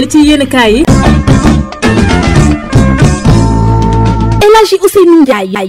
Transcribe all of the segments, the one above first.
li ci yenn kaay yi El Hadji Ousseynou Ndiaye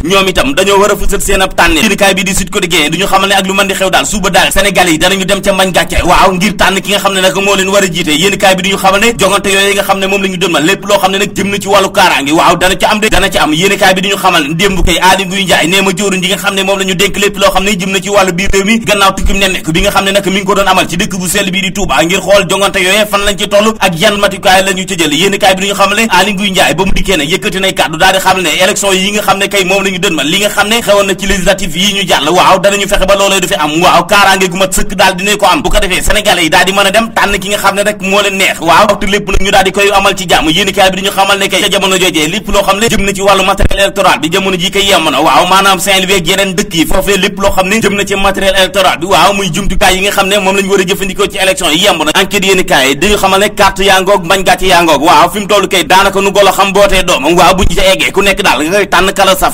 ñoom itam dañoo war a fësal seen ab tànn yéenekaay kay bi nga xam ko doon ngir xool jongante yooyee fan lañ ci toll ak yan matukaay la ñu ci jël yéenekaay bi du ñu xamal ne Aly ba mu dikkee nag yëkkati nay kàddu daal di xam yi nga xam ne kay moom moom li nga xam ne xewoon na ci législative yi ñu jàll waaw danañu fexe ba loolee du fi am waaw kaaraange gu mat sëkk daal dinañ ko am bu ko defee sénégalais yi dañu xamal ne carte yaa ngoog mbañ gàcce yaa ngoog waaw fi mu toll daanaka nu golo xam bootee doomam waaw bu ñu ca eggee ku nekk daal nga koy tànn kala saf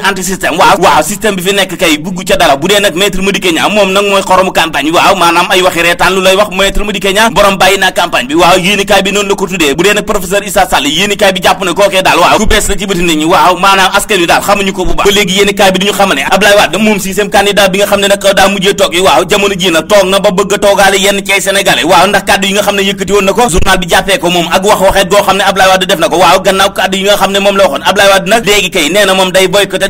dee waaw waaw bi fi nekk kay bugg ca dara bu dee nag maître Madické Niang moom nag mooy xoromu campagne waaw maanaam ay waxi reetaan lu lay wax maître Madické Niang borom bàyyi nag professeur bi waaw ku ji na toog na ba bëgg toogaale yenn ci ay sénégalais waaw ndax kàddu yi nga xam ne yëkkati woon na ko journal bi jàppee ko moom ak wax waxeet goo xam ne Abdoulaye Wade def na ko waaw gannaaw kàddu yi nga xam ne moom la waxoon Abdoulaye Wade nag léegi kay nee moom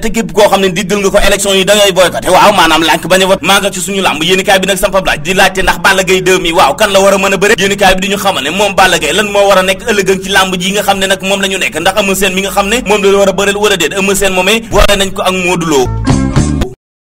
te képp koo xam ne diggal nga ko élection yi dangay boycotté waaw maanaam lànk bañ a vote maa nga ci suñu làmb yéenekaay bi nag sampab di laajte ndax Balla Gaye 2 mi waaw kan la war a mën a bëre yéenekaay bi di ñu ne moom Balla Gaye lan moo war a nekk ëllëgën ci làmb ji nga xam ne nag moom la nekk ndax Eumeu Sène mi nga xam ne moom la war a bëreel wala déet Eumeu Sène moomee boole nañ ko ak Modou Lo